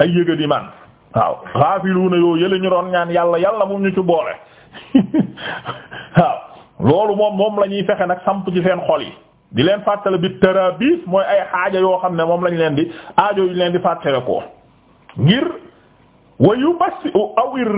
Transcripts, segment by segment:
ay yëga di man waaw xaafiluuna yoo yële ñu doon ñaan yàlla yàlla moom ñu ci boole waaw loolu moom moom la ñuy fexe nag samp ci seen xol yi di leen fàttale bi tarabis mooy ay xaaja yoo xam ne moom lañ leen di aajo yu leen di fàttale ko ngir wa yubassi aw ir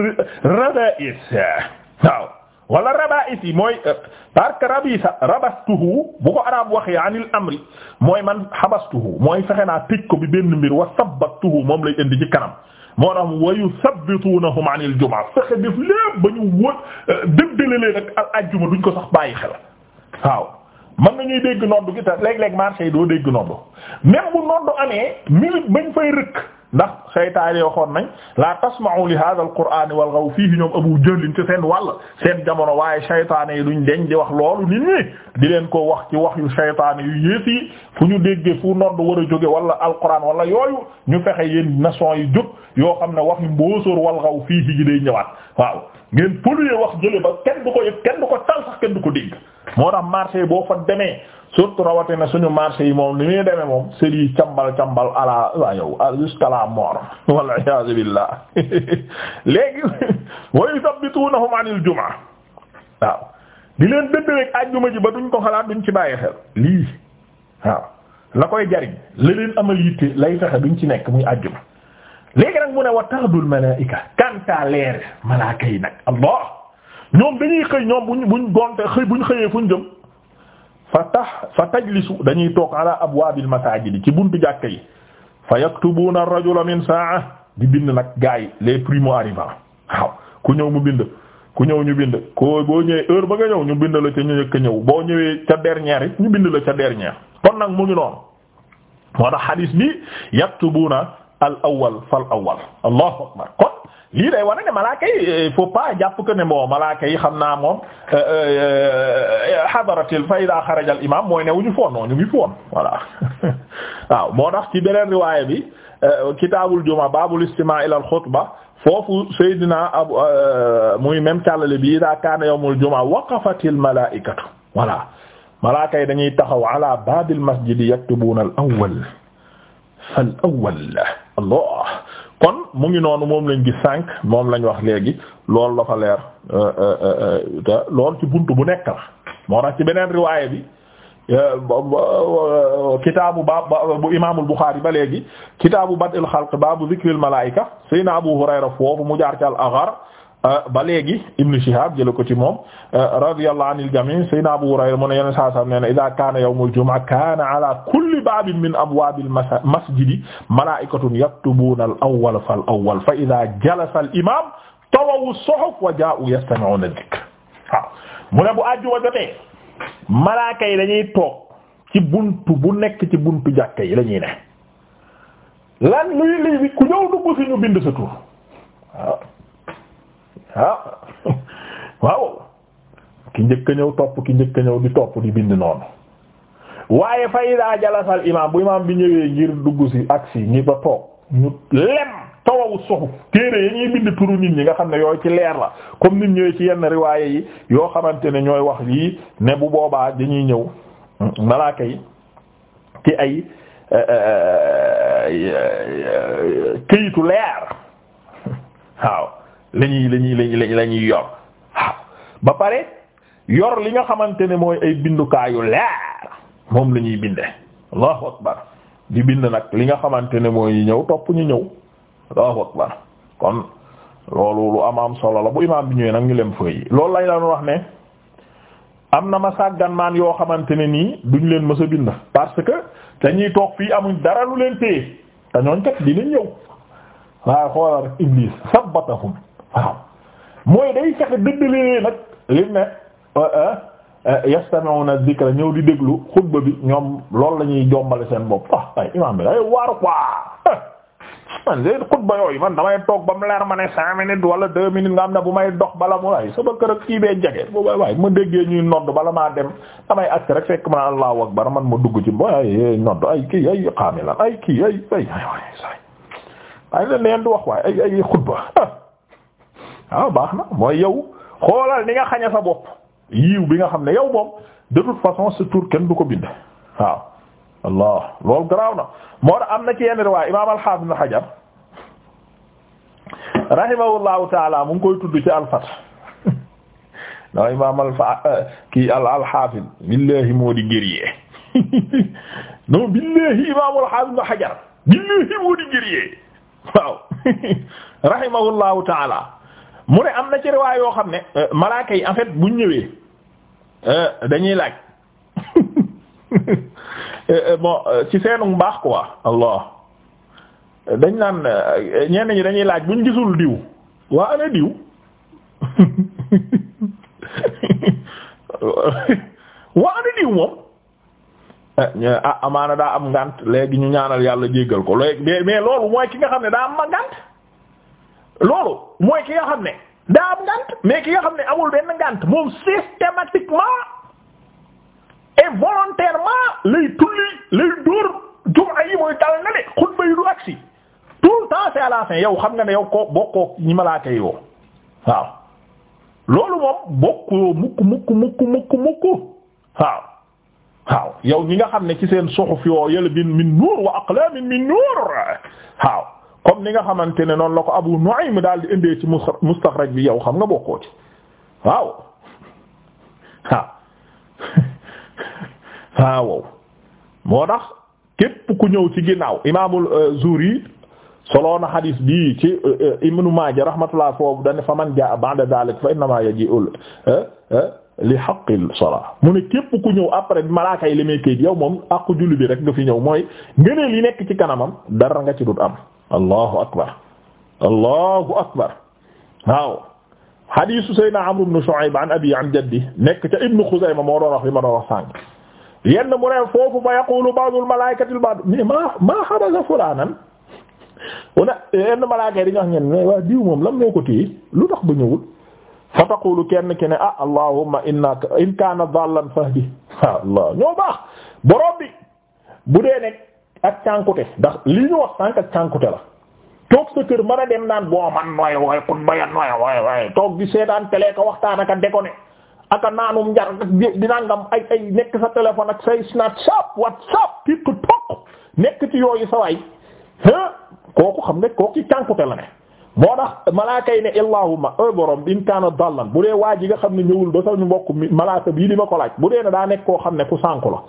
waaw wala rabaisi mooy euh, parce que rabisa rabastuhu bu ko arab waxee anil amri mooy man habastuhu mooy fexe naa tëj ko bi benn mbir wa sabbatuhu moom lay indi ci kanam moo tax wa yuthabbitunahum anil jumaa fexe def lépp ba ñu wóor euh, dëgg-dëgg leen ak al ajjuma duñ ko sax bàyyi xel mën nañuy dégg noddu gi te léeg-léeg marché yi doo dégg noddu même bu noddu amee minute bañ fay rëkk ndax seytaane yoo xoon nañ la tasma'u li hadha al-qur'an fii fiihi ñoom Abu Jahl ci seen wall seen jamono waaye seytaane yi duñ deñ di wax loolu nit ñi di leen ko wax ci wax yu seytaane yu yées yi fu ñu déggee fu noddu war a jóge wala al-qur'an wala yooyu ñu fexe yéen nation yi jóg yoo xam ne wax yu mbóosóor walghaw fiihi gi day ñëwaat waaw ngeen polluer wax jële ba kenn ko kenn du ko kenn du ko dégg moo tax marché boo fa demee surtout rawatina suñu marché yi moom ni muy demee moom seri cambal cambal ala waa yow jusqu'à la mort walla iyaazu billah léegi wa yuthabbituunahum anil jumaa waaw di leen dëddaleeg àjjuma ji ba duñ ko xalaat duñ ci bàyyi xel lii waaw la koy jariñ la leen amal yitte lay taxe duñ ci nekk muy àjjuma léegi nag mu ne wa tahdul malaa'ika kanta leer malaaka yi nag allah ñoom dañuy xëy ñoom bu ñu gonte xëy buñ xëyee fuñ jëm fa tax fa tajlisu dañuy toog ala abwaabil masaajid ci buntu jàkka yi fa yaktubuuna ar-rajula min saa di bind nag gars yi les primo arrivants waaw ku ñëw mu bind ku ñëw ñu bind ko boo ñëwee heure ba nga ñëw ñu bind la ca ñu njëkk ñëw boo ñëwee ca dernière it ñu bind la ca dernière kon nag mu ngi noonu moo tax xadiis bi yaktubuuna al awwal fal awwal allahu akbar kon lii day wane ne malaaka yi euh, pas jàpp que ne bon malaaka yi xam naa moom euh, euh, hadaratil fa ida xaraja al mooy newuñu foon noo ñu ngi foon voilà waaw moo tax ci beneen riwaaya bi kitaabul juma baabul istima' ila al xutba foofu Seydina abu muy même càllale bi ida kaana yawmul juma waqafatil malaikatu voilà malaaka yi dañuy taxaw ala baabil masjidi yaktubuuna al awwal fal allah kon mu ngi noonu moom lañ gis cinq moom lañ wax léegi loolu dafa leer euh, euh, euh, te loolu ci bunt bu nekk la moo tax ci beneen riwaaya bi kitaabu baab bu imaamul Buxaari ba léegi kitaabu bad'il xalq baabu zikril malaayika sayna Abu Hurayra foofu mu jaar ci al Euh, ba léegi Ibn Shihab jële ko ci moom euh, radiyallahu anil jami' sayyidina Abu Hurayra mu ne yeneen saa saam nee na idha kaana yawmul jumu'a kaana min abwaabil masjidi malaa'ikatun yaktubuuna al fa idha jalasa al imaam tawawu suhuf wa jaa'u yastami'uuna dhikr waaw mu bu àjjuma jotee malaaka yi dañuy toog ci buntu bu nekk ci buntu jàkka yi lañuy ne lan luy lii ku ñëw dugg si ñu bind sa ah waaw ki njëkk a ñëw topp ki njëkk ñëw di topp di bind noonu waaye fa idaa jalasal imaam bu imaam bi ñëwee ngir dugg ci aksi ñi ba toog ñu lem tawawu suxuf téere ya ñuy bind turu nit ñi nga xam ne yooyu ci leer la comme nit ñëwee ci yenn riwaaye yi yoo xamante ne ñooy wax lii ne bu boobaa dañuy ñëw hmm, malaaka yi ci ay eh, eh, eh, këyitu leer waaw lañuy lañuy lañuy lañuy yor waaw ba pare yor li nga xamante ne mooy ay bindukaayu leer moom lañuy ñuy binde allahu akbar di bind nag li nga xamante ne mooy ñëw topp ñu ñëw allahu akbar kon loolu lu am am solo la bu imaam bi ñëwee nag ñu leen fëy loolu la leen wax ne am na ma sàggan maan yoo xamante ne nii duñ leen mës a bind parce que dañuy toog fii amuñ dara lu leen téye te ñooñ kat dinañ ñëw waaye xoolal iblis sabbatahum waaw mooy day fexe dëddale nag lim ne yastami'una dhikra ñëw di déglu xutba bi ñoom loolu la ñuy jombale seen bopp ah ay imaam bi ay waaru quoi man de xutba yooyu man damay toog ba mu leer ma ne cinq minutes wala deux minutes nga am ne bu may dox bala mu waay sama kër ak kii bee jege bu bay waay ma déggee ñuy nodd bala maa dem damay acc rek fekk ma allahu akbar man ma dugg ci mooy ay nodd ay kii ay xaamilan ay kii ay ay ay waay say ay la leen di wax waay ay ay xutba ah baax na mooy yow xoolal ni nga xaña sa bopp yiw bi nga xam ne yow moom de toute façon sa kenn du ko bind waaw allah loolu garaaw na moo tax am na ci yenn riwaay imaam al-Hafiz Ibn Hajar rahimahullahu taala mu ngi koy tudd ci al-Fath imaam al eh, kii al al-Hafiz billahi moo di gërëyee non billahi imaam al-Hafiz Ibn Hajar billahi moo di gërëyee waaw rahimahullahu taala mu ne am na ci riwaay yoo xam ne euh, malaaka yi en fait buñ ñëwee euh, dañuy laaj euh, bon ci seenu mbaax quoi allah dañ naan ñenn ñi dañuy laaj buñ gisul diw waa ana diw waa ana diw moom ah amaana daa am ngànt léegi ñu ñaanal yàlla jéggal ko léegi mais loolu mooy ki nga xam ne daa am ma ngànt loolu mooy ki nga xam ne daa am ngànt mais ki nga xam ne amul benn ngànt moom systématiquement et volontairement lay tulli lay dóor jumaa yi mooy dal xutba yi du agsi tout temps c'est à yow xam nga ne yow koo bokkoo ñi malaaka yi waaw loolu moom bokkoo mukk mukk mukk mukk mukk waaw waaw yow ñi nga xam ne ci seen suxuf yoo yëla bin min nuur wa aqlamin min nuur waaw comme ni nga xamante ne noonu la ko Abu Nu'aym daal di indee ci mustaxraj bi yow xam nga bokkoo ci waaw waaw waaw moo tax képp ku ñëw ci ginnaaw imaamul euh, Zuhri solo na xadis bi ci euh, Ibnu Maaja rahmatullah foofu dañ fa man jaa ba'da zalik fa innama yaji'u euh, li haqqil salaa mu ne képp ku ñëw après malaaka yi li may këyit yow moom àqu julli bi rek nga fi ñëw mooy ngëneel yi nekk ci kanamam dara nga ci dut am allahu akbar allahu akbar waaw hadisu saydna amr ibn shu'ayb an abi an jaddi nekk ca ibnu xuzayma moo doon wax li ma doon wax sànq yenn mu ne foofu fa yaqulu ba'dul malaa'ikati ba'd mais ma maa xabasa fulaanan wala yenn malaaka yi dañu wax ñenn mais waa diw moom lan moo ko téye lu tax ba ñëwul fa taqulu kenn ki ne ah allahumma inna in kaana dallan fahdi allah ñoo baax borom bi bu dee nekk ak cànkute ndax lii ñu wax sànq ak cànkute la toog sa kër mën a dem naan boo man nooy way kun baya nooy way way toog di daan télé ko waxtaan ak a déconné ak a naanum njar dina ngam ay ay nekk sa téléphone ak say Snapchat WhatsApp TikTok nekk ci yooyu sa waay kooku xam ne kooku ci cànkute la ne moo tax malaaka yi ne illahuma e eh, borom in kaana dallan bu dee waa ji nga xam ne ñëwul ba sa mbokk mi malaaka bii di ma ko laaj bu dee ne daa nekk koo xam ne ku sànku la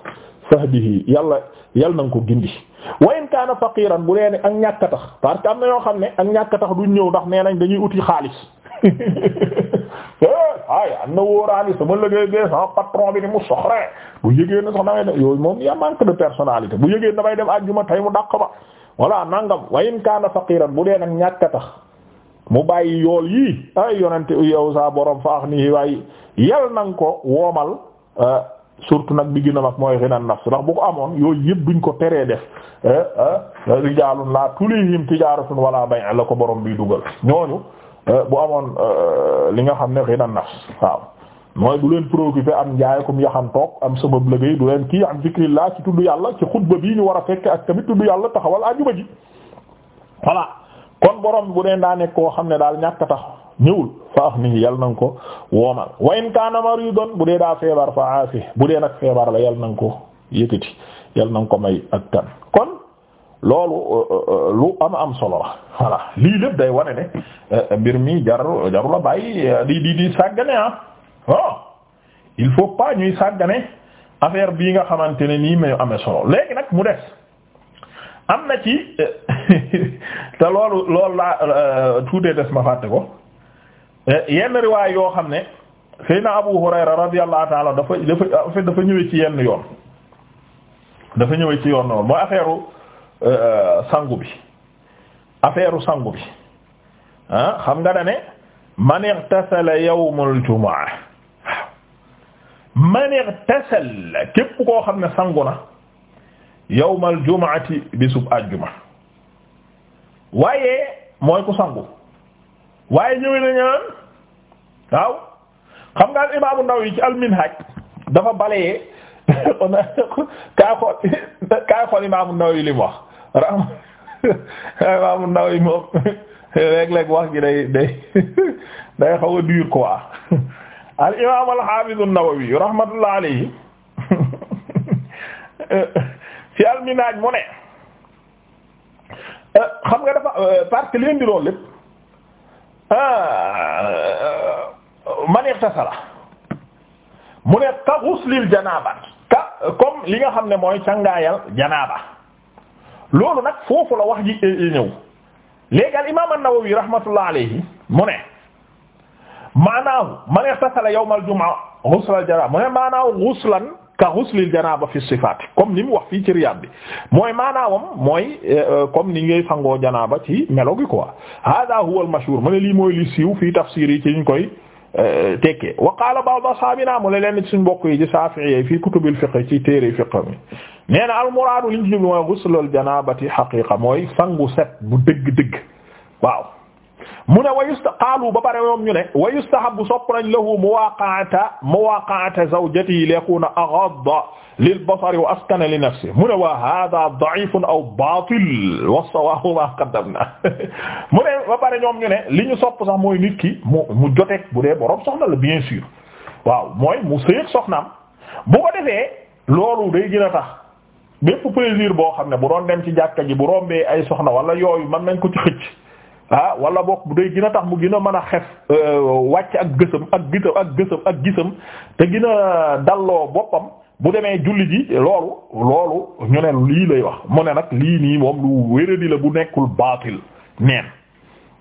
fahdihi yàlla yàlla na nga ko gindi wa in kaana faqiran bu leen ak ñàkk a tax parce que am na yoo xam ne ak ñàkk a tax duñ ñëw ndax nee nañ dañuy uti xaalis eh, ay am na wóoraani sama liggéey bi sama patron bi ni mu soxree bu yëgee na sax damay dem yooyu moom yaa manque de personnalité bu yëgee damay dem àjjuma tey mu dàq ba walla nangam wa in kaana faqiran bu leen ak ñàkk a tax mu bàyyi yool yii ay yonente yow sa borom faax nii waaye yàlla na nga ko woomal. Euh, surtout nag bi gën a mag mooy ghinan nafs ndax bu ko amoon yooyu yëpp duñ ko teree def eh, eh, rijaalun laa tulihim tijaaratun wala bay' la ko borom bi dugal ñooñu eh, bu amoon li nga xam ne ghinan nafs waaw mooy du leen préoccupé am njaay comme yaxam toog am sabab lëgëy du leen kii am zikrillah ci tudd yàlla ci xutba bii ñu war a fekk ak tamit tudd yàlla taxawal àjjuma ji voilà kon borom bu dee daa nekk koo xam ne daal ñàkk tax ñëwul fa af nii yal nanga ko woomal wa in kaana maridan bu dee daa feebar fa aafi bu dee nag feebar la yal nanga ko yëkkati yal nanga ko may ak tan kon loolu euh, euh, euh, lu am am solo la voilà lii lépp day wane ne mbir mi jar jaru la bàyyi di di sàggane ah oh il faut pas ñuy sàggane affaire bii nga xamante ne nii may amee solo léegi nag mu des am na ci te loolu loolu laa tuutee des ma fàtte ko Eh, yenn riwaay yoo xam ne Seydina Abu Hurayra radiyallahu ta'ala dafa dafa dafa ñëwee ci yenn yoon dafa ñëwee ci yoon noonu mooy affaire euh, sangu bi affaire sangu bi ah, xam nga da ne man ightasala yawmul jumaa man ightasala képp koo xam ne sangu na yawmal jumaati bisub àjjuma waaye mooy ku sangu waaye ñëwee nañu waaw xam nga al imaamu Nawawi ci al minhaj dafa balayee kaay xool kaay xool imaamu Nawawi li mu wax imaamu Nawawi moom léeg-léeg wax gi day day day xaw a dur al imaam al hafiz an-Nawawi rahmatullah alayhi ci al minhaj mu ne eh, xam nga dafa eh, parce que leen lépp Ah, man ightasala mu ne ka ghuslil janaaba ka comme li nga xam ne mooy cangaayal janaaba loolu nag foofu la wax ji eh, eh, ñëw léegi al imaam an-Nawawi rahmatullah alayhi mu ne maanaahu man ightasala yawm al-jumu'a ghusla al-janaaba mu ne maanaahu ghuslan ka xuslil janaaba fi sifaat comme ni mu wax fii ci Riyad mooy mooy maanaawam eh, mooy eh, comme ni ngay sangoo janaaba ci melo gi quoi hada huwa al mashhur ma ne lii mooy li siiw fii tafsir yi ci ñu koy eh, tekkee wa qaala ba'd ashaabina mu ne leen suñ mbokk yi ci Saafi'i fii kutubil fiqh ci téere fiqh mi nee na al muraadu li ñu ci jublu mooy xuslul janaabati haqiiqa mooy sangu set bu dëgg-dëgg waaw mu ne wa yusta qaalu ba pare moom ñu ne wa yustahabu sopp la lahu muwaqa'ata muwaqa'ata zawjatihi li yakuna aghadda lil basari wa askana li nafsi mu ne wa hadha da'ifun aw batil wa sawahu ma qaddamna mu ne ba pare ñoom ne li ñu sopp sax mooy nit ki mu mu joteeg bu dee borom soxna la bien sûr waaw mooy mu soxna bu ko defee loolu day gina a tax bépp plaisir boo xam ne bu doon ci jàkka ji bu rombee ay soxna wala yooyu mën nañ ko ci xëcc. ah wala bokk bu day gën a tax mu gën a mën a xef euh, wàcc ak gësëm ak gisam ak gësëm ak gisam te gën a dalloo boppam bu demee julli ji loolu loolu ñu ne lii lay wax mu ne nag lii nii moom lu wéradi la bu nekkul baatil neen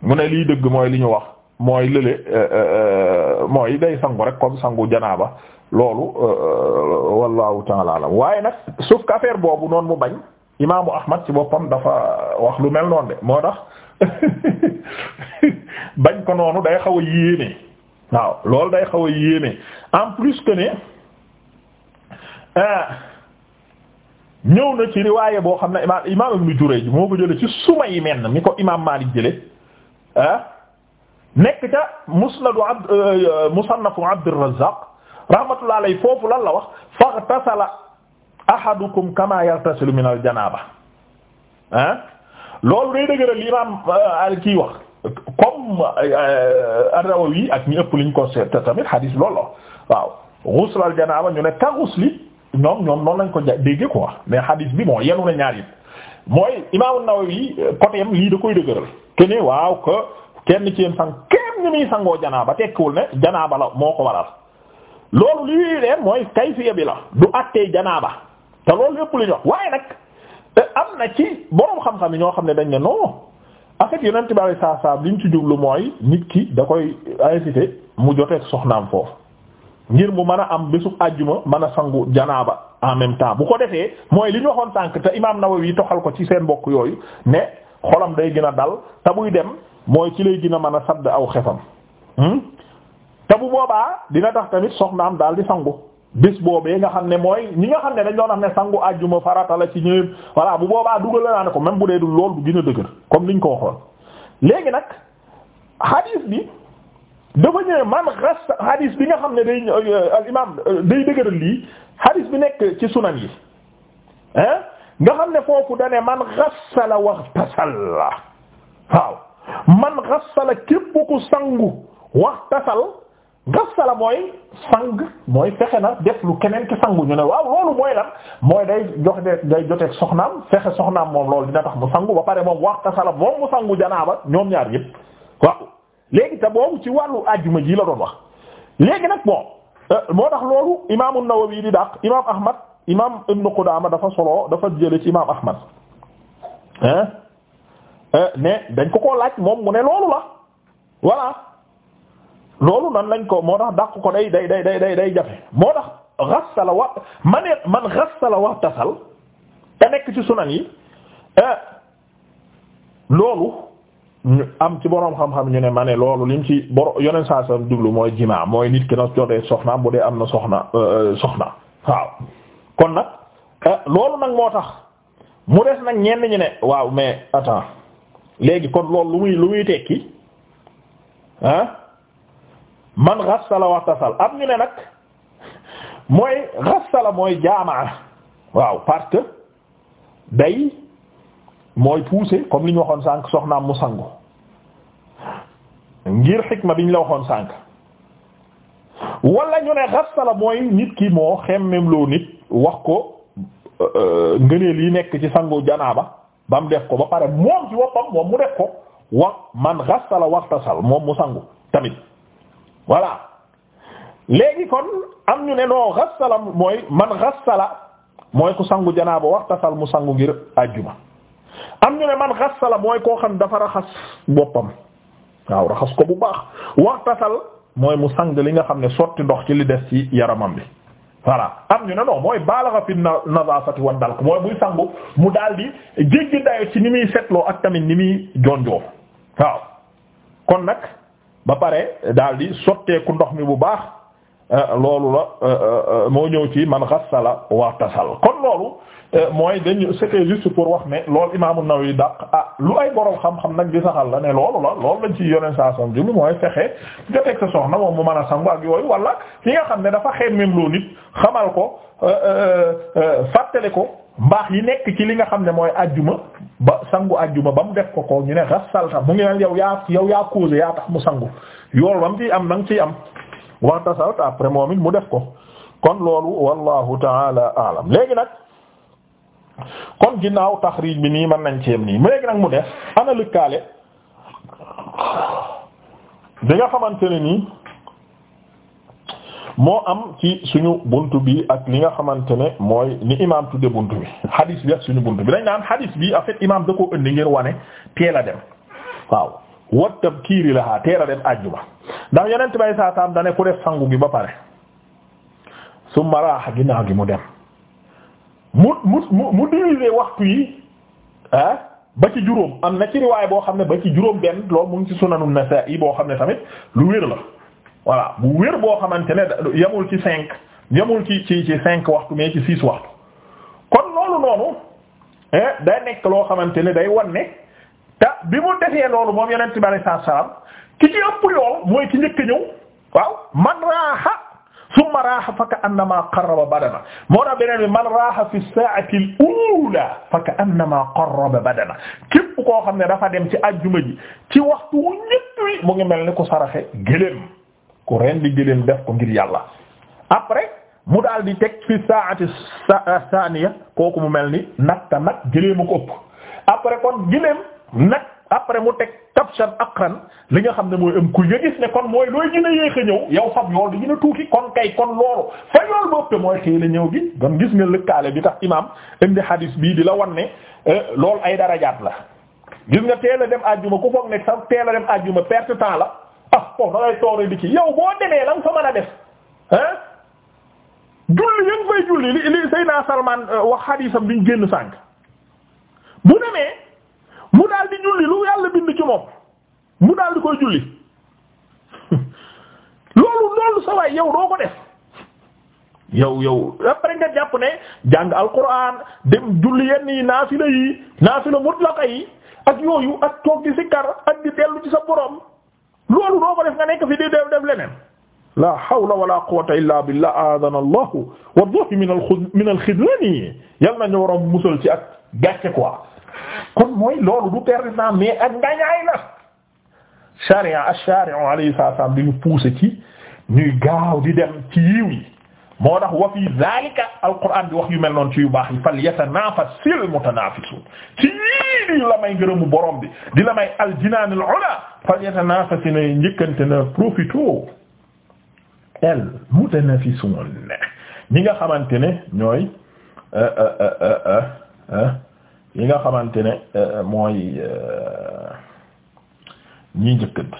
mu ne lii dëgg mooy li ñu wax mooy lële euh, euh, mooy day sangu rek comme sangu janaaba loolu wallahu taala alam waaye nag sauf que affaire boobu noonu mu bañ imaamu Ahmad ci boppam dafa wax lu mel noonu de moo tax bañ ko noonu day xaw a yéeme waaw loolu day xaw a yéeme en plus que ne ah, ñëw na ci riwaaye boo xam ne imaam imaam Ibnu Jurayj moo ko jële ci sumay yi menn mi ko imaam Maalik jële ah nekk ca musnadu abd euh, euh, musannafu Abdurrazzaq rahmatullahi alayhi lan la wax faghtasala ahadukum kama yartasilu min al janaaba ah loolu day dëgëral li imaam euh, kii wax comme euh, an ak ñu ëpp liñ ko seet tamit hadis loolu la waaw ghusl al-janaaba ñu ne ka ghusli ñoom ñoom noonu lañ ko ja dégg quoi mais hadis bi bon yenu na ñaar mooy imaam An-Nawawi côté yam lii da koy dëgëral ke ne waaw que kenn ci yéen sang kenn ni muy sangoo janaaba tekkiwul ne janaaba la moo ko waral loolu lii leen mooy kayfiya bi la du attee janaaba te loolu lépp lu ñu waaye nag am na ci boroom xam-xam yi ñoo xam ne dañ ne non en fait yonent bi sallallahu alayhi wasallam li ñu ci jublu mooy nit ki da koy incité mu joteeg soxnaam foofu ngir mu mën a am bésub àjjuma mën a sangu janaa ba en même temps bu ko defee mooy li ñu waxoon sànk te imaam yi toxal ko ci seen mbokk yooyu ne xolam day gën a dal te buy dem mooy ci lay gën a mën a sadd aw xefam hmm? te bu boobaa dina tax tamit soxnaam daal di sangu. bis boobee nga xam ne mooy ñi nga xam ne dañ doon wax ne sangu àjjuma farata la ci ñëw voilà bu boobaa dugal naa ne ko même bu dee du lool du gën a dëgër comme niñ ko waxoon. léegi nag hadith bi dafa ñëwee man ras hadith bi nga xam ne day euh, al imaam euh, day dëgëral lii hadith bi nekk ci sunan yi hein nga xam ne foofu da ne man ghassala waxtasala waaw man ghassala képp ku sangu waxtasal gasala mooy sang mooy fexe na def lu keneen ki sangu ñu ne waaw loolu mooy lan mooy day jox de day joteek soxnaam fexe soxnaam moom loolu dina tax mu sangu ba pare moom wax gasala moom mu sangu janaaba ñoom ñaar yëpp waaw léegi te boobu ci wàllu àjjuma ji la doon wax léegi nag bon euh, moo tax loolu imaam an-Nawawi di dàq imaam Ahmad imaam Ibn Qudaama dafa solo dafa jële ci imaam Ahmad hein euh, ne dañ ko ko laaj moom mu ne loolu la voilà. loolu nan lañ ko moo tax dàq ko day day day day day jafe moo tax xasala wa man man xasala wa tasal te nekk ci sunan yi eh, loolu ñu am ci boroom xam-xam ñu ne ma ne loolu lim ci boro yoneen saa sa jublu mooy jimaa mooy nit ki na jotee soxna bu dee am na soxna eh, soxna waaw kon nag eh, loolu nag moo tax mu des nag ñenn ñu ne waaw mais attends léegi kon lool lu muy lu muy tekki man ghassala sal am ñu ne nag mooy ghassala mooy jaamaa waaw parce que day mooy pousser comme li waxoon sànq soxnaam mu sangu ngir xikma bi ñu la waxoon sànq wala ñu ne ghassala mooy nit ki moo xemmem loo nit wax ko euh, ngëneel yi nekk ci sangu janaaba ba mu def ko ba pare moom ci woppam moom mu def ko wax man ghassala waxtasal moom mu sangu tamit voilà léegi kon am ñu ne noo xasala mooy man xasala mooy ku sangu janaaba waxtasal mu sangu ngir àjjuma am ñu ne man xasala mooy koo xam dafa raxas boppam waaw raxas ko bu baax waxtasal mooy mu sang li nga xam ne sotti ndox ci li des ci yaramam bi voilà am ñu ne non mooy baalaxa fi nadaafati wan dal ko mooy buy sangu mu daal di jéggi dayo ci ni muy setloo ak tamit ni muy jonjoo waaw kon nag ba pare daal di sotteeku ndox mi bu baax eh, loolu la eh, eh, moo ñëw ci man xassala waxtasal kon loolu mooy dañ c'était juste pour wax ne lool Imaam naw yi daq ah lu ay borom xam-xam nag di saxal la ne loolu la loolu lañ ci yoneen saa son jublu mooy fexe joteeg sa soxna moom mu mën a sangu ak yooyu wala ki nga xam ne dafa xeeb même loo nit xamal ko fàttale ko. mbaax yi nekk ci li nga xam ne mooy ajjuma ba sangu ajjuma ba mu def ko ko ñu ne rassalta mu ngi naan yow yaa yow yaa causé yaa tax mu sangu yool bam ciy am na nga ciy am waxta salt après moom it mu def ko kon loolu wallahu taala alam léegi nag kon ginnaaw taxriij bi nii man nañ ceem nii mu léegi nag mu def ana lëkkaale bi nga xamante nii moo am ci suñu bunt bi ak li nga xamante ne mooy ni imaam tudde bunt bi hadis bi ak suñu buntu bi dañ naan hadis bi en fait imaam da koo indi ngir wane teel a dem waaw wat tabkiiri lahaa teel a dem àjjuma ndax yonent bay saa saam dane ku def sangu gi ba pare summa raaxa ginnaaw gi mu dem mu mu mu mu waxtu yi ah, ba ci juróom am na ci riwaay boo xam ne ba ci juróom benn loolu mu ngi ci sunanu Nasaa'i boo xam ne tamit lu wér la voilà bu wér boo xamante ne yemul ci cinq yemul ci ci ci cinq waxtu mais ci six waxtu kon loolu noonu eh, day nekk loo xamante ne day wan ne te bi mu defee loolu moom yonent bi alayhi ki ci ëpp yool mooy ki njëkk ñëw waaw man raaxa summa raaxa fa ka annama qarraba badana moo tax beneen bi man raaxa fi saa'ati al-uula fa ka annama qarraba badana képp koo xam ne dafa dem ci àjjuma ji ci waxtu wu njëkk wi mu ngi mel ni ku saraxe gëléem ko ren di gëléem def ko ngir yàlla après mu daal di teg fi saati euh, saaniya kooku mu mel ni nag ta nag gëléema ko ëpp après kon gëléem nag après mu teg tabshan akran li nga xam ne mooy am kuy nga gis ne kon mooy looy gën a yéex a ñëw yow fab yool di gën a tuuti kon kay kon loolu fa yool boppe mooy teel a ñëw gi kon gis nga lëkkaale bi tax imaam indi hadis bii di la wan ne euh, ay darajaat la gis nga teel a dem àjjuma ku foog ne sax a dem àjjuma perte moom da ngay di ci yow boo demee la nga fa a def ah julli yëngu fay julli li li Seydina Salman euh, wax xadiisam bi génn sànq bu demee mu daldi di julli lu yàlla bind ci moom mu daal di koy julli loolu loolu sa waay yow doo ko def. yow yow après nga jàpp ne jàng alquran dem julli yenn yi naafila yi naafila mutlaqa yi ak yooyu ak toog di sikkar ak di dellu ci sa borom. loolu doo ko def nga nekk fi di def def leneen la hawla wala quwwata illa billah aadana allahu la min al min al xidlani yal nañu waroon musal ci ak gàcce quoi kon mooy loolu du perdant mais ak ngañaay la sharia ash-shari'u alayhi salaam di ñu pousser ci ñuy gaaw di dem ci yiw yi moo tax wa fi zalika alquran bi wax yu mel noonu ci yu baax yi fal yatanafasil mutanafisun lii di la may ngërëmu borom bi di la may aljinaanul ula falyatanafasi na njëkkante na profito el mutanafisun ñi nga xamante ne ñooy yi euh, euh, euh, nga xamante ne mooy ñi njëkkante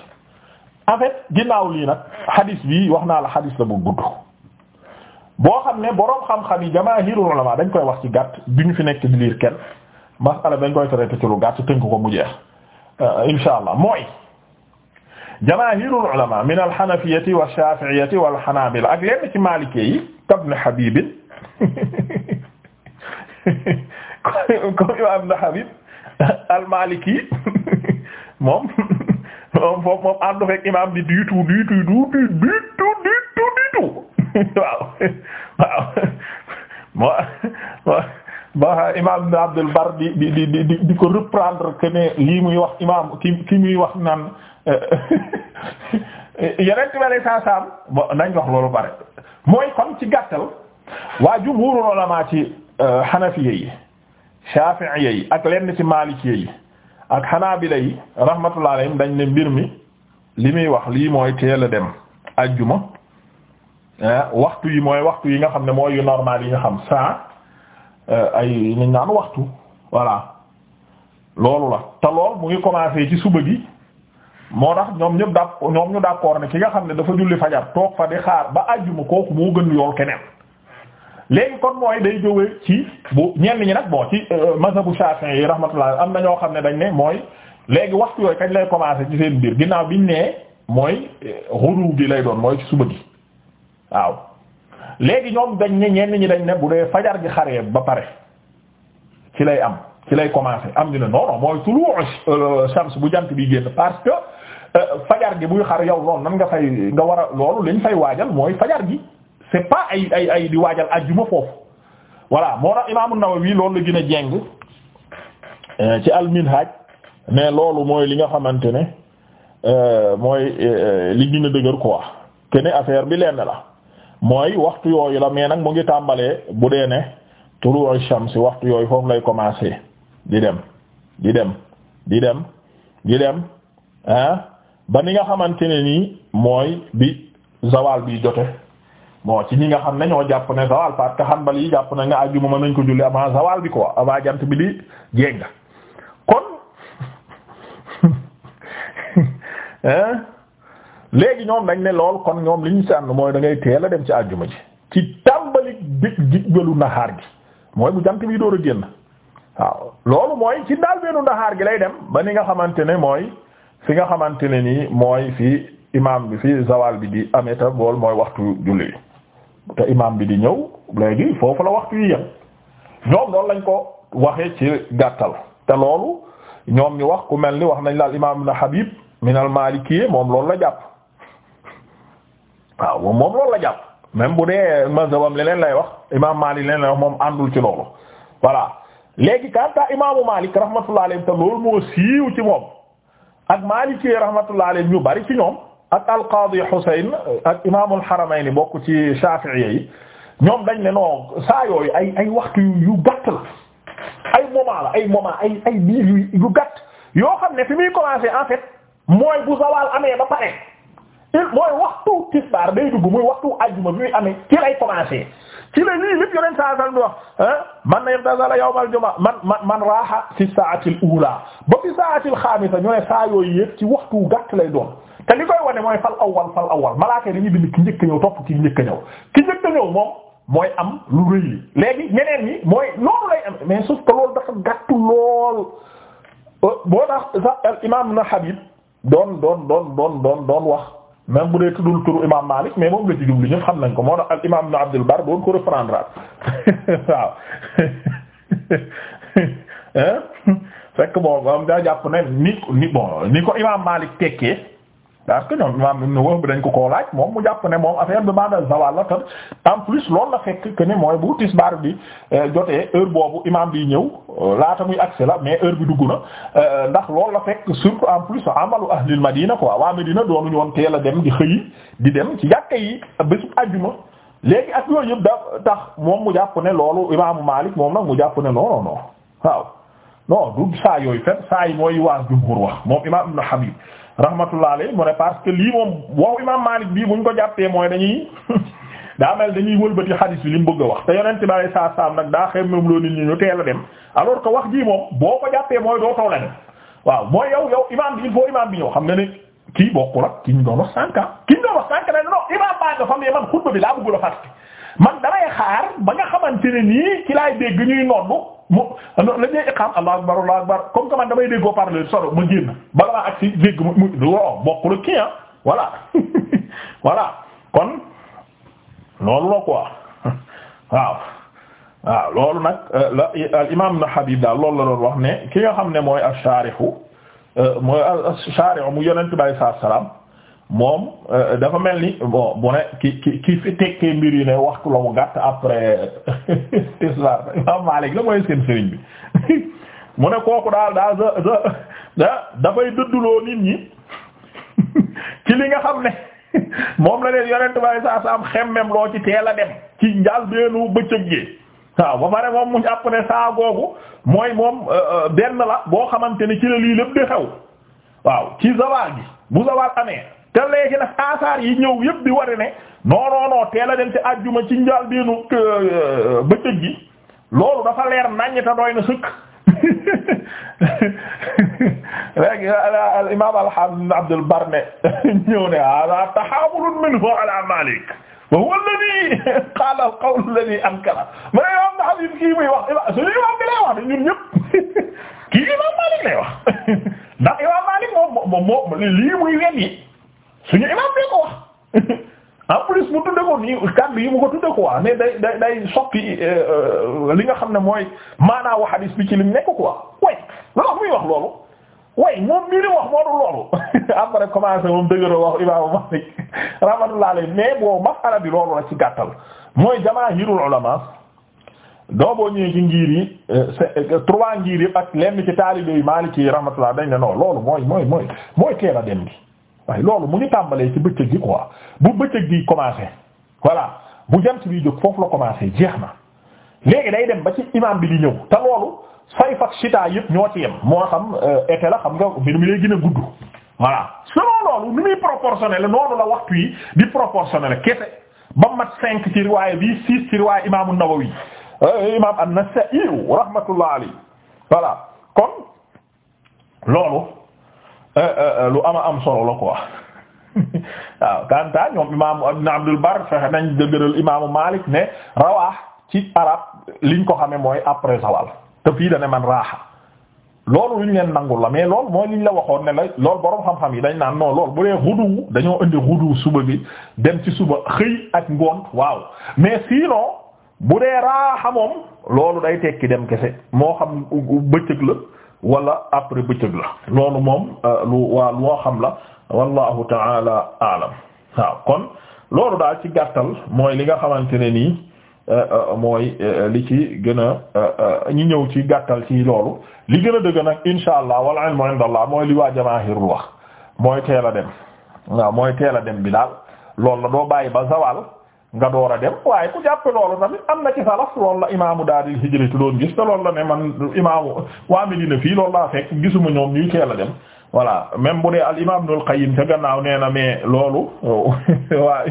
en ginnaaw lii nag hadis bi wax naa la hadis la bu gudd boo xam ne boroom xam-xam yi jamaahirul ulama dañ koy wax ci gàtt duñu fi nekk di liir kenn masala dañ koy traité ci lu gàtt tënk ko mu jeex euh, insha allah mooy jamaahirul ulama min alxanafiyyati wa shaafi'iyyati wal xanaabila ak lenn ci maalike yi ibn Habib comme imaam ibn Habib al-Maliki moom moom foofu moom ànd fekk imaam bi du tout du tout du tout du tout du tout du tout waaw waaw ba imam ibn Abdul Bar di di di di ko reprendre que ne lii muy wax imam ki ki muy wax naan eh, yeneen tubaab yi saa saam nañ wax loolu bare mooy kon ci gàttal waa jumhuurul ulamaa ci xanafiya eh, yi shaafi'iyya yi ak lenn ci maalikiyya yi ak xanaabila dañ ne mbir mi li muy wax lii mooy teel a dem ajjuma eh, waxtu yi mooy waxtu yi nga xam ne mooy yu normal yi nga xam saa. Euh, ay liñ naan waxtu voilà loolu la te lool mu ngi commencé ci suba gi moo tax ñoom ñëpp dàpp ñoom ñu d'accord ne ki nga xam ne dafa julli fajar toog fa di xaar ba àjjuma kooku moo gën yoon keneen léegi kon mooy day jóge ci bu ñenn ñi nag bon ci euh, mazhabu Shafi'i yi rahmatullah am na ñoo xam ne dañ ne mooy léegi waxtu yooyu kañ lay commencer ci seen biir ginnaaw bi ñu nee mooy xudu euh, gi lay doon mooy ci suba gi waaw léegi ñoom dañ ni ñenn ñi dañ ne bu dee fajar gi xaree ba pare ci lay am ci lay commencer am ñu ne non non mooy tulu euh, shams bu jant bi génn parce que euh, fajar gi buy xar yow noonu nan nga fay nga war a loolu liñ fay waajal mooy fajar gi c'est pas ay ay ay di waajal ajjuma foofu voilà moo tax Imaamu wii loolu la gën a jeng euh, ci al-Minhaj mais loolu mooy li nga xamante ne mooy li gën a dëgër quoi que ne affaire bi lenn la. mooy waxtu yooyu la mais nag mu ngi tàmbalee bu dee ne tulu'u shams waxtu yooyu foofu lay commencé di dem di dem di dem di dem ah ba ni nga xamante ne nii mooy bi zawal bi jote moo ci ñi nga xam ne ñoo jàpp ne zawal parce xam xanbal yi jàpp na nga àjjuma mën nañ ko julli avant zawal bi quoi avant jant bi di jénga kon léegi ñoom dañ ne lool kon ñoom li ñu sànn mooy dangay ngay teel a dem ci àjjuma ji ci tàmbali dig diggalu naxaar gi mooy bu jant bi door a génn waaw loolu mooy ci daal beenu gi lay dem ba ni nga xamante ne mooy fi nga xamante ne nii mooy fi imaam bi fi zawal bi di ameta bool mooy waxtu julli te imaam bi di ñëw léegi foofu la waxtu yi yem ñoom loolu lañ ko waxee ci gàttal te loolu ñoom ñu wax ku mel ni wax nañ laal imaam na Habib min al Maliki moom loolu la jàpp waaw moom moom loolu la jàpp même bu dee mazhabam leneen lay wax imaam Maalik leneen lay wax moom àndul ci loolu voilà léegi kanta imaamu Maalik rahmatullah alayhi te moo siiw ci moom ak Maalik yi rahmatullah alayhi ñu bari ci ñoom ak al-Qaadi Husayn ak imaamul Haramayni bokk ci Shaafi'i yi ñoom dañ ne non saa yooyu ay ay waxtu yu gàtt la ay moment ay moment ay ay yu gàtt yoo xam ne fi muy commencer en fait mooy bu zawal amee ba pare. mooy waxtu tisbaar day dugg muy waxtu ajjuma bi muy amee ci lay commencer ci la lii lépp yoneen saa sal bi wax man na yemtasala yawmal man man man raaxa fi saa l oula ba fi saati l xaamisa ñu saa yooyu yëpp ci waxtu gàtt lay doon te li koy wane mooy fal awwal fal awwal malaaka dañuy bind ki njëkk ñëw topp ki njëkk ñëw ki njëkk ñëw moom mooy am lu rëy li léegi ñeneen ñi mooy noonu lay am mais sauf que loolu dafa gàtt lool euh, boo tax sax al imam na Habib doon doon doon doon doon doon wax même bu dee tuddul turu imam Malik mais moom la ci jublu ñëpp xam nañ ko moo tax al imam Ibn Abdul Barr doon ko reprendre at waaw fekk bon am daa jàpp ne ni ni bon ni ko imam Malik tekkee parce que ñoom imaam Ibn Wahb dañ ko koo laaj moom mu jàpp ne moom affaire bi ba'da zawal la tam en plus loolu la fekk que ne mooy bu tisbaar bi eh, jotee heure boobu imaam bi ñëw euh, laata muy agsi la mais heure bi dugg na euh, ndax loolu la fekk surtout en plus amalu ahlil madina quoi waa Medina doonuñu woon teel a dem di xëy di dem ci jàkka yi bésu àjjuma léegi ak yooyu yëpp da tax moom mu jàpp ne loolu imaamu Maalik moom nag mu jàpp ne non non non waaw non du saa yooyu fenn saa yi mooy waa jumhur wax moom imaam Ibn Habib rahmatullah alayhi mu ne parce que lii moom waxu imam Malik bii buñ ko jàppee mooy dañuy daa mel dañuy wëlbati xadis bi li mu bëgg a wax te yonent bi alayhi salaatu salaam nag daa xëy moom loo nit ñi ñu teel dem alors que wax jii moom boo ko jàppee mooy doo too leen waaw mooy yow yow imam bi il faut imam bi ñëw xam nga ne kii bokku ak ki ñu doon wax sànq ah. ki ñu wax sànq ne non imam baa nga fa mais man xutba bi laa bëggul a fàtte man damay xaar ba nga xamante ne nii ci laay dégg ñuy noddu mo ah, la ñuy iqaam akbar allahu akbar comme que man damay déggoo parler solo mu génn bala ak agsi dégg mu mu wo bokkul kii ah voilà kon loolu la quoi waaw waaw loolu nag euh, la al imaam na Habib daal loolu la doon wax ne ki nga xam ne mooy al shaarihu euh, mooy mu yonent bi alayhi salaam moom euh, dafa mel ni bon bu ne ki ki ki fi tekkee mbir yi ne waxtu la mu gàtt après tisbaar imam Maalik la mooy seen sëriñ bi mu ne kooku daal daal da da dafay dëdduloo nit ñi ci li nga xam ne moom la leen yonent bay saa saam xemmem loo ci teel a dem ci njaal beenu bëccëg gi waaw ba pare moom mu jàpp ne saa googu mooy moom euh, euh, benn la boo xamante ne ci la lii lépp di xew waaw ci zawaal gi bu zawaal amee te léegi nag yi ñëw yëpp di ware ne non non non teel a dem ci àjjuma ci njaal biinu euh, euh, bëccëg loolu dafa leer naññ te doy na sëkk léegi al imaam al Abdul Bar ne ne hada tahaawulun minhu ala Malik wa huwa alladhi qaala al qawl bi lay wax de ñun imaam Malik lay wax imaam Malik moom moom lii muy suñu imam bi ko wax en mu tudde ko nii kàddu mu ko tudde ko wax day day soppi euh, li nga xam ne mooy maanaawu hadis bi ci lim nekk quoi way la wax muy loolu way moom mii wax moo du loolu après commencé moom dëgëroo wax imaamu Maalik boo masala bi loolu la ci gàttal mooy jamaahirul ulama doo boo ñëwee ci ngir yi euh, euh, trois ngir yi ak lenn ci taalibe yi Maalik yi rahmatullah dañ ne non loolu mooy mooy mooy mooy teel a dem bi waaye loolu mu ngi tàmbalee ci bëccëg gi quoi bu bëccëg gi commencé voilà bu jant bi jóg foofu la commencé jeex na léegi day dem ba ci imam bi di ñëw te loolu sayf ak shita yëpp ñoo ci yem moo xam euh, été la xam nga mbir mi lay gën a gudd voilà selon loolu ni muy proportionnel noonu la waxtu yi di proportionnel kese ba mat cinq ci riwaaya bi six ci riwaaya imam an-Nawawi euh, imam an-Nasa'i rahmatullah alayhi voilà kon loolu Eh, eh, eh, lu ama am solo la quoi waaw kanta ñoom imaamu ibn Abdul Barr fexe nañ dëgëral imaamu Malik ne rawaax ci arab liñ ko xame mooy après zawal te fii da ne man raaxa loolu luñ leen nangul la mais loolu mooy liñ la waxoon ne la loolu boroom xam-xam yi dañ naan non loolu bu dee xudu dañoo indi xudu suba bi dem ci suba xëy ak ngoon waaw mais sinon bu dee raaxa moom loolu day tekki dem kese moo xam bëccëg la wala après bëccëg la loolu moom euh, lu waa loo xam la wallahu taala alam waaw kon loolu daal ci gàttal mooy li nga xamante ne nii euh, euh, mooy li ci gën a ñu ñëw ci gàttal ci loolu li gën a dëgg nag insha allah wal ilmu inda mooy li waa jamaahirul wax mooy teel a dem waaw mooy teel a dem bi daal loolu la doo bàyyi ba zawal nga door a dem waaye ku jàppe loolu tamit am na ci salaf loolu la imaamu daaril hijri doon gis te loolu la ne man imaamu waa Medina fii loolu laa fekk gisuma ñoom ñuy teel a dem voilà même bu dee al imaam Ibnul Qayyim ca gannaaw nee na mais loolu waa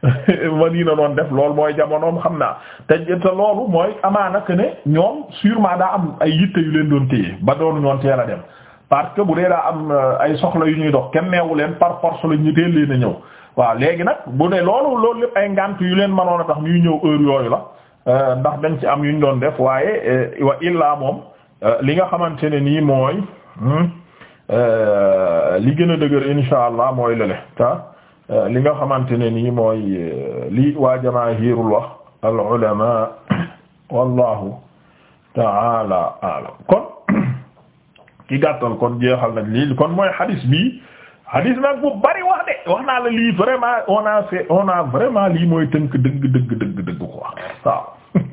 Medina doon def loolu mooy jamonoom xam naa te te loolu mooy amaa que ne ñoom sûrement daa am ay yitte yu leen doon téye ba doonu ñoon teel a dem parce que bu dee daa am euh, ay soxla yu ñuy dox kenn neewu leen par force la ñu teel leen ñëw waaw léegi nag bu ne loolu loolu lépp ay yu leen ma mënoon a tax ñuy ñëw heure yooyu la euh, ndax dañ ci am yu ñu doon def waaye euh, wa illaa moom euh, li nga xamante ne nii mooy hmm, li gën a dëgër insha allah mooy lële te li nga xamante ne nii mooy li waa jamaahirul wax al ulama wallahu taala alam kon ki gàttal kon jeexal nag lii kon mooy hadis bi hadis nag bu bari wax de wax naa la lii vraiment on a fait on a vraiment lii mooy tënk dëgg dëgg dëgg dëgg ko wax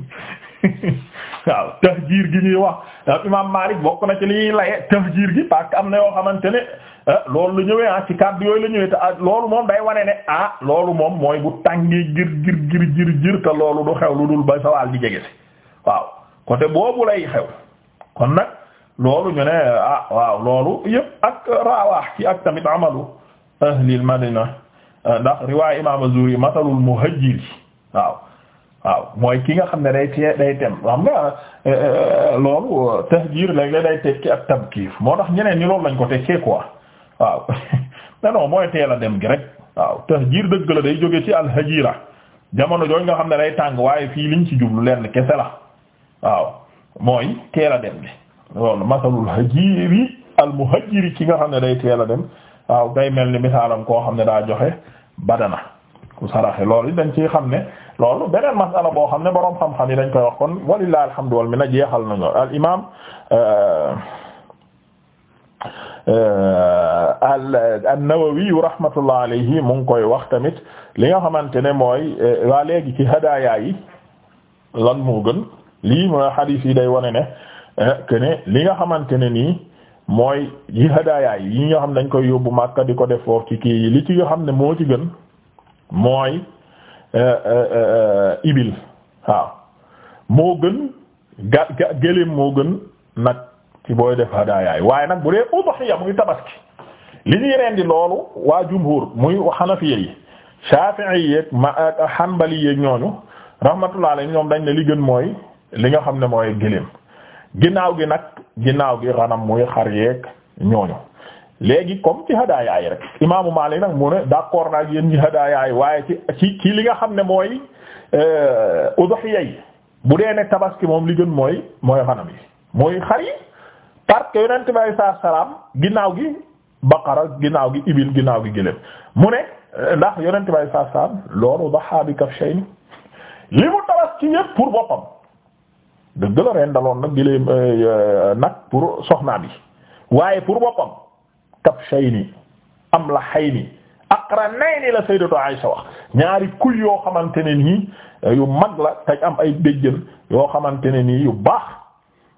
waaw tahjiir gi ñuy wax imam Malik bokk na ci li ñuy laye tahjiir gi parce que am na yoo xamante ne ah, loolu la ñëwee ah ci kàddu yooyu la ñëwee te ah, loolu moom day wane ne ah loolu moom mooy bu tàngee gir gir gir gir te loolu du xew lu dul ba sawaal di jege si waaw côté boobu lay xew kon nag loolu ñu ne ah waaw loolu yëpp ak raawaax ci ak tamit amalu ahlil madina ndax riwaay imaam az-Zuhri matalul muhajjiri waaw waaw mooy ki nga xam ne day tee day tem xam nga eh, eh, loolu tahjir léeg-léeg day tekki ak tabkiir moo tax ñeneen ñi loolu lañ ko te quoi waaw non non mooy teel a dem gi rek waaw tahjir dëgg la day jóge ci al-hajira jamono jooju nga xam ne day tàng waaye fii liñ ci jublu lenn kese la waaw mooy teel a dem gi. loolu masalul hajiri al ci nga xam ne day teel a dem waaw day mel ni misaalam koo xam ne daa joxe badana ku saraxe loolu dañ ci xam ne loolu beneen masala boo xam ne boroom xam-xam yi dañ koy wax kon walillahi alhamdu wal a jeexal nañu al imaam euh, euh, an-Nawawi rahmatullah alayhi mu ngi koy wax tamit li nga xamante ne mooy euh, waa léegi ci hadaaya yi lan moo gën lii mooy xadiis yi day wone ne Eh, que ne li nga xamante ne nii mooy yi hadaaya yi nga xam ne dañ koy yóbbu Makka di ko def foofu ci kii yi li ci nga xam ne moo ci gën mooy eh, eh, ibil waaw moo gën ga ga gëléem moo gën nag ci booy def hadaayaay waaye nag bu dee udhiya muy tabaski li ñuy rendi loolu waa jumhur muy xanafiya yi shafi'i yeeg ma hanbali yeeg ñooñu rahmatullah alayhi ñoom dañ ne li gën mooy li nga xam ne mooy gëléem ginnaaw gi nag ginnaaw gi xanam muy xar yeeg ñooñu léegi comme ci hadaayaay rek imaamu Maalik nag mu ne d'accord naa yéen ñi hadaayaay waaye ci ci ci li nga xam ne mooy euh, udhiya yi bu dee ne tabaski moom li gën mooy mooy xanam yi mooy xar yi parce que yonent bi sallallahu alayhi ginnaaw gi baqara ginnaaw gi ibil ginnaaw gi gëléem mu ne euh, ndax yonent bi sallallahu alayhi loolu dahaa bi li mu tabaski yépp pour boppam. dëgg la ren daloon nag giléem euh, euh, nag pour soxnaa bi waaye pour boppam kabshayni amlahayni am la sayyidatu Aisha wax ñaari kuy yoo xamante ne nii euh, yu mag la te am ay béjjën yoo xamante ne nii yu baax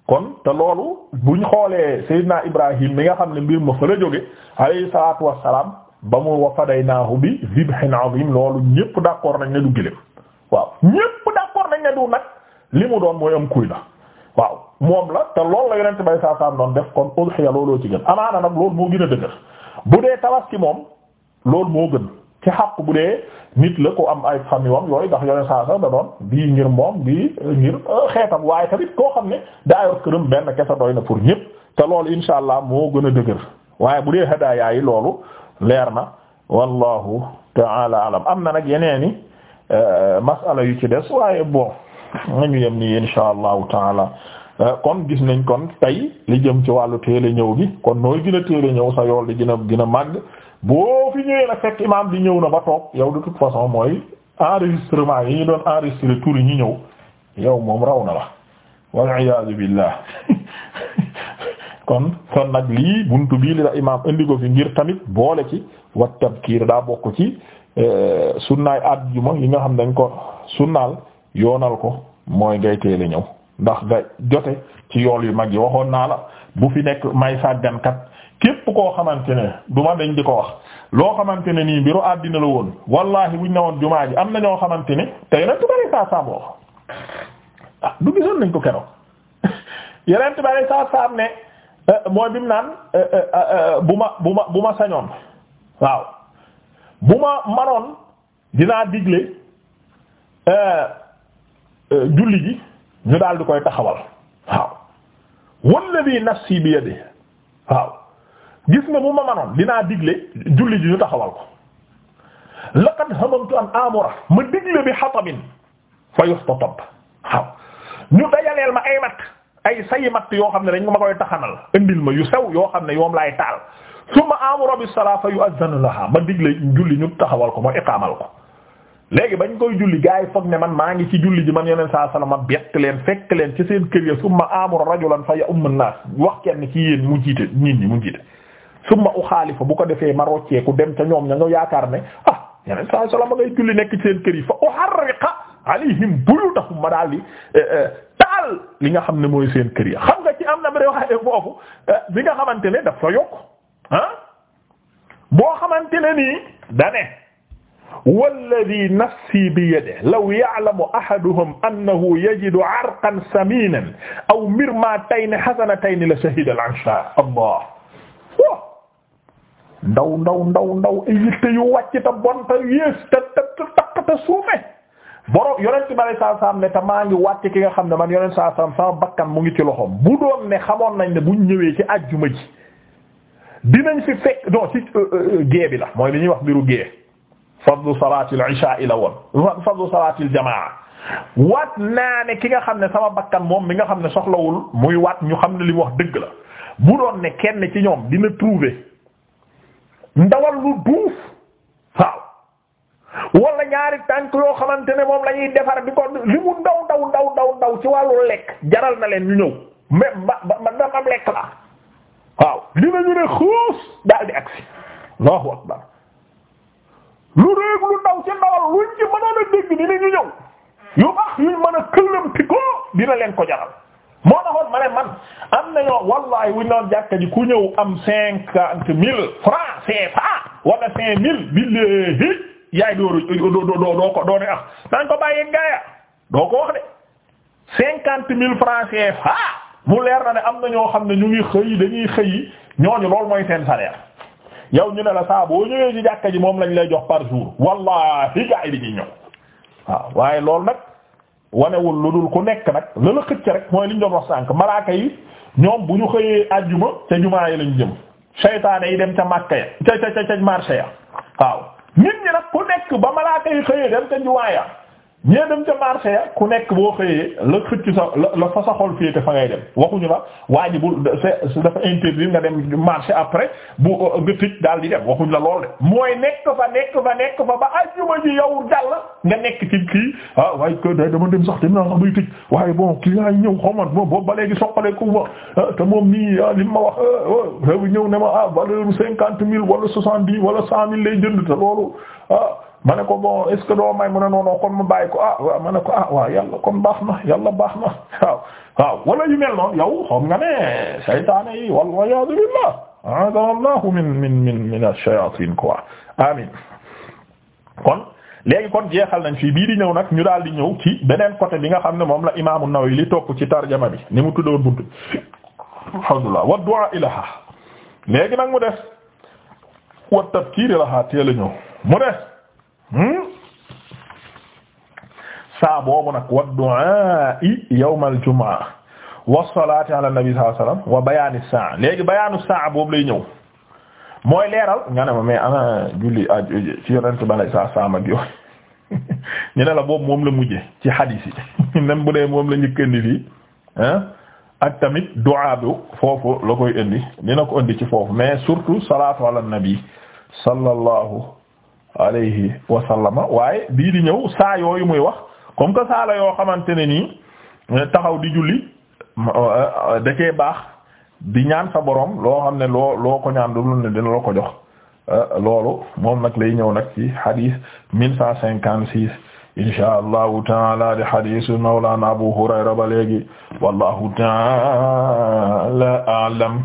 kon te loolu ñu xoolee sayyidna Ibrahim mi nga xam ne mbir ma fa la jóge alayhi salaatu wassalaam ba mu wa fadaynaahu bi zibhin azim loolu ñépp d'accord nañ ne du giléem waaw ñépp d'accord nañ ne du nag li mu doon mooy am kuy la waaw moom la te loolu la yonent bay saa saam doon def kon udhiya looloo ci gën amaana nag loolu moo gën a dëgër bu dee ki moom loolu moo gën ci xàq bu dee nit la ko am ay famiyom yooyu ndax yonent saa saam da ngir moom bii euh, ngir euh, xeetam waaye tamit koo xam ne daa yor këram benn kese doy na pour ñëpp te loolu insha allah moo gën a dëgër waaye bu dee hadaaya yi loolu leer na wallahu ta'ala alam am na nag yeneeni euh, masala yu ci des waaye bon ñu yem nii insha allahu taala eh, kon gis nañ kon tey li jëm ci wàllu teel ñëw gi kon nooy gën a teel a ñëw sa yool di gën a màgg boo fi ñëwee nag fekk imaam di ñëw na ba toog yow de toute façon mooy enregistrement yi ñu doon enregistré tour yi ñu ñëw yow moom raw na la wal iyaadu billah kon kon nag lii buntu bii li la imaam indi fi ngir tamit boole ci wat tabkiir daa bokk ci eh, sunnaay àjjuma yi nga xam dañ ko sunnaal yoonal ko mooy ngay teel ñëw ndax nga jote ci yool yu mag yi waxoon naa la bu fi nekk may sàggankat képp koo xamante ne du ma dañ di ko wax loo xamante ne nii mbiru àddina la woon wallahi buñ ne woon jumaa ji am na ñoo xamante ne tey nag tubaab yi saa saa ah du gisoon nañ ko keroog yeneen tubaab yi saa saa ne euh, mooy bi mu naan euh, euh, bu ma bu ma bu ma sañoon waaw bu ma manoon dinaa digle. julli ji ñu daal di koy taxawal waaw walladhi nafsi bi yadihi waaw gis nga bu ma manoon dinaa digle julli ji ñu taxawal ko laqad hamamtu an amura ma digle bi hatabin fa yuhtatab waaw ñu dajaleel ma ay mat ay sayi matt yoo xam ne dañ ma koy taxanal indil ma yu sew yoo xam ne yoom laay taal summa amura bis salaa fa yu'adhanu laha ma digle julli ñu taxawal ko ma iqaamal ko léegi bañ koy julli gaa yi foog ne man maa ngi ci julli ji man yeneen saa salama bett leen fekk leen ci seen kër ya summa amura rajulan fa ya umma naas wax kenn ci yéen mu jiite nit ñi mu jiite summa u xaalifa bu ko defee ma rocceeku dem ca ñoom ña yaakaar ne ah yeneen saa salama ngay julli nekk seen kër yi fa uharriqa alayhim buyutahum ma daal di eh, eh, taal li nga xam ne mooy seen kër ya xam nga ci am na bari waxee foofu eh, bi nga xamante ne daf fa yokk ah, boo xamante ne nii walladhi nafsi biyadihi law ya'lamu ahaduhum annahu yajidu 'arqan saminan aw mirmatayni hasanatayni la shahida al-'ansha Allah ndaw ndaw ndaw ndaw ay yitte yu wàcc te bon te yées te te te takk te suufe borom yonent bi sallallahu alayhi wasallam ne te maa ngi wàcc ki nga xam ne man yonent sallallahu alayhi wasallam bakkan mu ngi ci loxoom bu doon ne xamoon nañ ne buñ ñëwee ci àjjuma ji dinañ fi fekk non ci euh, euh, euh, gée bi la mooy li ñuy wax mbiru gée fadlu salaatil isha la woon fadlu salaatil jamaa waat naa ne ki nga xam ne sama bakkan moom mi nga xam ne soxlawul muy waat ñu xam ne li wax dëgg la bu doon ne kenn ci ñoom dina trouver ndawal lu duuf waaw wala ñaari tànk yoo xamante ne moom lañuy ñuy defar di ko li ndaw ndaw ndaw ndaw ci wàllu lekk jaral na leen ñu ñëw mais ba ba dam am lekk la waaw dinañu ne xuus daal di agsi Allahu akbar lu réeg lu ndaw ci ndawal luñ ci mënoon a dégg ni ñu ñëw yu baax yuñ mën a këllamti ko dina leen ko jaral moo taxoon ma ne man am na ñoo wallahi wuñ noon jàkka ji ku ñëw am cinquante mille francs CFA wala cinq mille billahi yaay doo doo doo ko doo ne ah nañ ko bàyyi gaaya doo ko wax de cinquante mille francs CFA mu leer na ne am na ñoo xam ne ñu ngi xëy dañuy xëy ñooñu loolu mooy seen salaire yow ñu ne la saa boo ñëwee ci ji moom lañ lay jox par jour wallahi gaa yi di ci ñëw waaw waaye loolu nag wanewul lu dul ku nekk nag la la xëcc rek mooy liñ doon wax sànk malaaka yi ñoom bu ñu xëyee àjjuma ca jumaa yi lañ jëm seytaane yi dem ca Makka ya ca ca ca marché ya waaw ñi nag ku nekk ba malaaka yi xëyee dem ca jumaa ñee dem ca marché ya ku nekk boo xëyee la xëcc sa la fa sa xol féete fa ngay dem waxuñu la waa ji bu dafa interdit nga dem marché après bu euh, nga tëj daal di dem waxuñu la lool de mooy nekk fa nekk fa nekk fa ba ajjuma ji yow dal nga nekk ci kii ah waaye ko day dama dem sax dem naa nga bay tëj waaye bon kii ay ñëw xawman bon boobu ba léegi soqale ko wax ah, te moom nii ah, li ma wax réew ah, oh, ñëw ne ma ah valeur cinquante mille wala soixante dix wala cent mille lay jënd te loolu ma ne ko bon est may mu ne noonu kon bàyyi ko ah, ma ne ko ah waaw yàlla kon baax na yàlla baax na waaw waaw wala yu mel noonu yow xam nga ne saytaane yi wal iyaadu billah aadana allahu min min min min ash-shayaatin quoi amin kon léegi kon jeexal nañ fii bii di ñëw nag ñu daal di ñëw ci beneen côté bi nga xam ne moom la imaamu Nawawi li topp ci tarjama bi ni mu tuddoon buntu alhamdulillah wa du'a ilaha léegi nag mu def wa tafkiir ilaha teel a mu def Hmm? saa boobu nag wa du'a yawmal jumaa wa salaati ala nabi sallallahu alayhi wasallam wa bayaani saa léegi bayaanu saa boobu lay ñëw mooy leeral nga ne ma mais ana julli ah, ci yonent ba lay saa saam ak yooyu ñu ne la boobu moom la mujje ci xadiis yi bu dee moom la njëkk indi fii ah, ak tamit du'a bu foofu la koy indi dina ko indi ci foofu mais surtout salaatu ala nabi sallallahu alayhi wa sallama waaye bii di ñëw saa yooyu muy wax comme que saa la yoo xamante ne nii eh, taxaw di julli eh, eh, da baax di ñaan sa borom loo xam ne loo loo ko ñaan dul ne dina la ko jox loolu moom nag lay ñëw nag ci hadith mille cent cinquante six insha allahu taala di hadisu mawlana abu hurayra ba léegi wallahu taala aalam